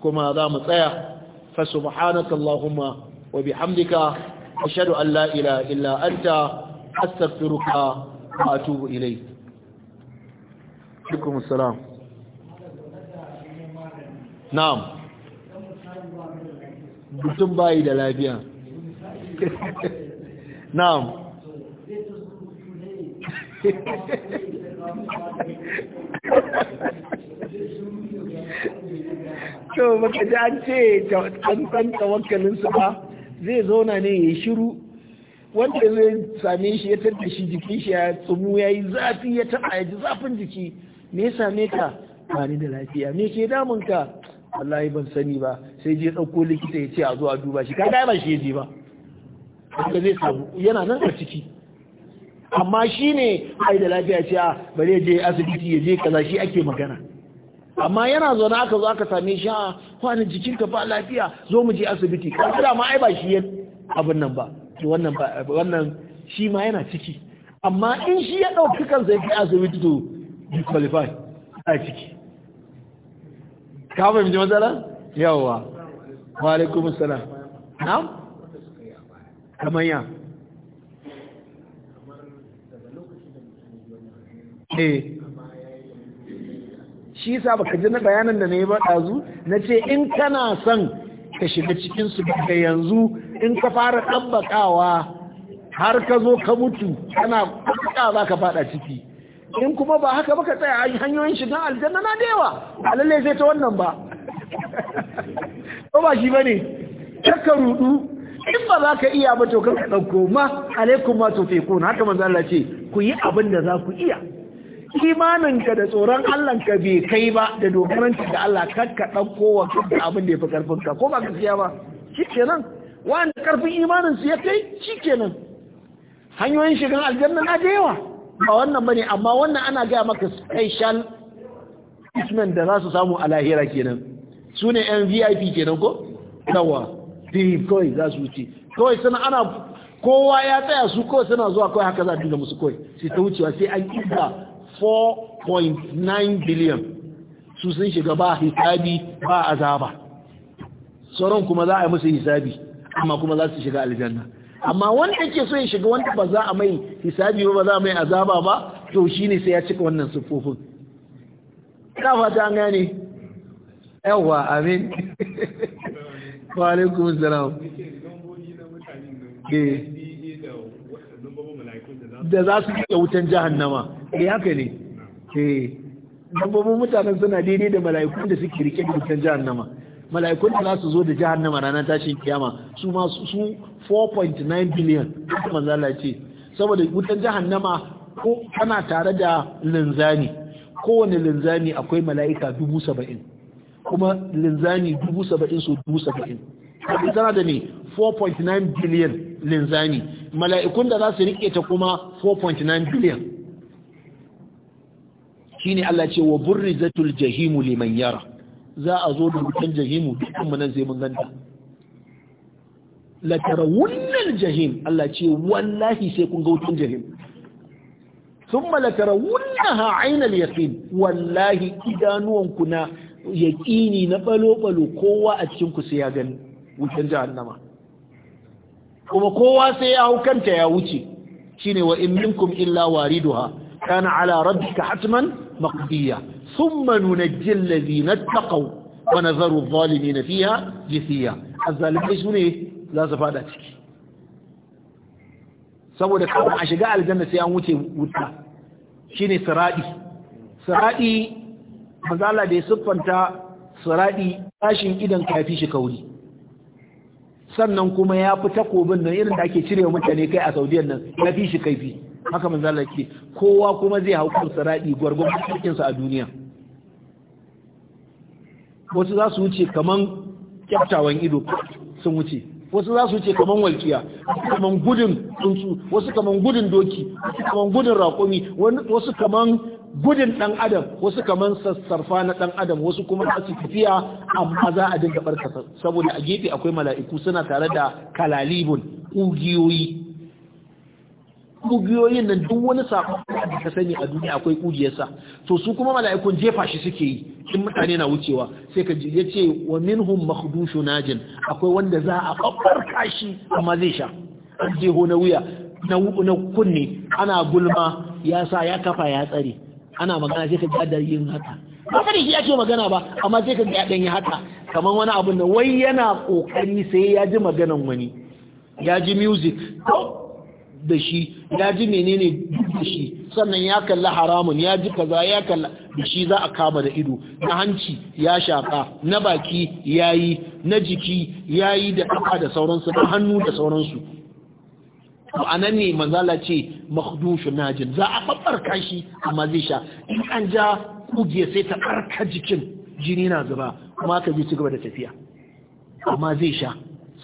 kuma za mu tsaya fa subhanaka allahumma wa bihamdika ashhadu an la ilaha illa anta astaghfiruka wa atubu ilayk alaikum assalam na'am mutum bayi da lafiya na'am to baka ji an ce ɗan su ba zai zauna ne ya shiru wanda zai same shi ya tattara shi jikin shi ya tsumu ya yi zafi ya taba ya ji zafin jiki me ya same ka Bani da lafiya me ke damun ka wallahi ban sani ba sai je ɗauko likita ya ce a zo a duba shi ka ba shi ya je ba haka zai samu yana nan a ciki amma shi ne ai da lafiya ce a ah, bare je asibiti ya je kaza shi ake magana amma yana zaune aka zo aka same shi a ah, kwanan ka ba lafiya zo mu je asibiti kan da ma ai ba shi abin nan ba wannan ba wannan shi ma yana ciki amma in shi ya dauki kansa yake asibiti to you qualify a ciki ka fahimci matsala yawa wa alaikumus salam na'am kamar ya eh. shi yasa baka ji na bayanan da na yi ba na ce in kana son ka shiga cikin su daga yanzu in ka fara ɗabbakawa har ka zo ka mutu kana kuka za ka fada ciki in kuma ba haka ba ka tsaya a hanyoyin shiga aljanna na da yawa a lallai sai ta wannan ba ko ba shi ba ne ka rudu in ba za ka iya ba to kan ka ɗauko ma alaikum ma to haka manzo Allah ce ku yi abin da za ku iya Imanin ka da tsoron Allah ka bai kai ba da ka da Allah kar ka ɗauko wa kanka abin da ya fi karfin ka ko ba gaskiya ba shikenan wanda karfin imanin su ya kai shikenan hanyoyin shigan aljanna na da yawa ba wannan bane amma wannan ana gaya maka special treatment da za su samu a lahira kenan su ne yan vip kenan ko yawa dip kawai za su wuce kawai suna ana kowa ya tsaya su kawai suna zuwa kawai haka za a dinga musu kawai sai ta wucewa sai an kirga 4.9 billion su sun shiga ba hisabi ba azaba sauran kuma za a yi musu hisabi amma kuma za su shiga aljanna amma wanda yake so ya shiga wanda ba za a mai hisabi ba ba za a mai azaba ba to shine sai ya cika wannan siffofin ina fata an gane yawwa amin wa alaikum salam eh. da za su iya wutan jahannama ne eh, haka ne eh. dabbobin mutanen suna daidai da mala'ikun da suke rike da wutan jahannama mala'ikun da za su zo da jahannama ranar tashin kiyama su masu su 4.9 billion kuma zala saboda wutan jahannama ko kana tare da linzani kowane linzani akwai mala'ika dubu saba'in kuma Linzani dubu saba'in so dubu saba'in tana da ne 4.9 biliyan Linzani, mala'ikun da za su rike ta kuma 4.9 biliyan Shi ne Allah ce wa burrizatul jahimu liman yara za a zo da wutan jahimu dukkan mu nan sai mun ganta la tarawunnal jahim Allah ce wallahi sai kun ga wutan jahim thumma la tarawunnaha 'aynal yaqin wallahi idanuwanku na yaƙini na ɓalo-ɓalo kowa a cikin ku sai ya gani wutan jahannama kuma kowa sai ya hau kanta ya wuce shine wa in minkum illa wariduha kana ala rabbika hatman maqdiya thumma nunajjil ladhina taqaw wa nadharu adh-dhalimin fiha jithiya azzalimai sune za su fada ciki saboda kafin a shiga aljanna sai an wuce wuta shine siradi siradi mazala da ya siffanta siradi tashin idan kafi shi kauri sannan kuma ya fi takobin nan irin da ake cire mutane kai a saudiyan nan ya fi shi kaifi haka manzala yake kowa kuma zai hau kan siradi gwargwar cikinsa a duniya wasu za su wuce kaman kyaftawan ido sun wuce wasu za su wuce kaman walkiya kaman gudun tsuntsu wasu kaman gudun doki wasu kaman gudun raƙumi wasu kaman gudun ɗan adam wasu kamar sassarfa na ɗan adam wasu kuma za su tafiya amma za a dinga barka saboda a gefe akwai mala'iku suna tare da kalalibun ƙugiyoyi ƙugiyoyin nan duk wani saƙon da ka sani a duniya akwai ƙugiyarsa to su kuma mala'ikun jefa shi suke yi in mutane na wucewa sai ka ya ce wa minhum makhdushu najin akwai wanda za a babbarka kashi amma zai sha an jeho na wuya na kunne ana gulma ya sa ya kafa ya tsare ana magana sai ka ga da yin haka ba da shi ake magana ba amma sai ka ga dan yi haka kamar wani abun da wai yana kokari sai ya ji maganan wani ya ji music da shi ya ji menene da shi sannan ya kalla haramun ya ji kaza ya kalla da shi za a kama da ido na hanci ya shaka na baki yayi na jiki yayi da kafa da sauransu da hannu da sauransu to anan ne manzala ce makhdushu najin za a fafarka shi amma zai sha in an ja kugiya sai ta karka jikin jini na zuba kuma ka ji cigaba da tafiya amma zai sha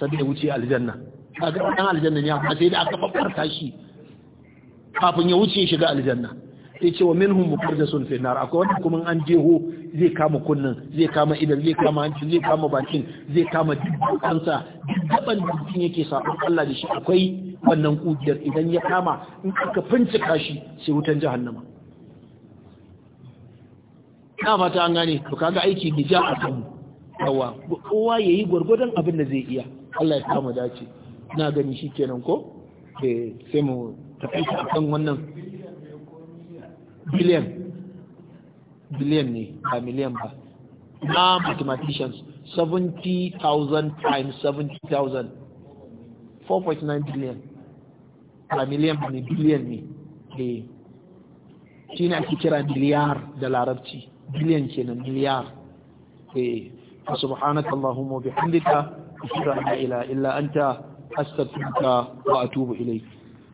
saboda wuce aljanna kaga dan aljanna ne amma sai da aka fafarka shi kafin ya wuce shiga aljanna sai ce wa minhum mukardasun fi nar akwai wanda kuma an jeho zai kama kunnin zai kama idan zai kama hanci zai kama bakin zai kama dukkan sa dukkan gaban da yake sabon Allah da shi akwai wannan kugiyar idan ya kama in aka fincika shi sai wutan jahannama na mata an gane to kaga aiki ne ja a kanmu yawa kowa yayi gwargwadon abin da zai iya Allah ya kama dace na gani kenan ko eh sai mu tafi kan wannan biliyan biliyan ne ba miliyan ba na mathematicians 70,000 times 70,000 4.9 billion ba miliyan ba ne biliyan ne ne eh, shi ne ake kira miliyar da larabci biliyan kenan miliyar eh subhanaka allahumma bihamdika ashhadu an la ilaha illa anta astaghfiruka wa atubu ilayk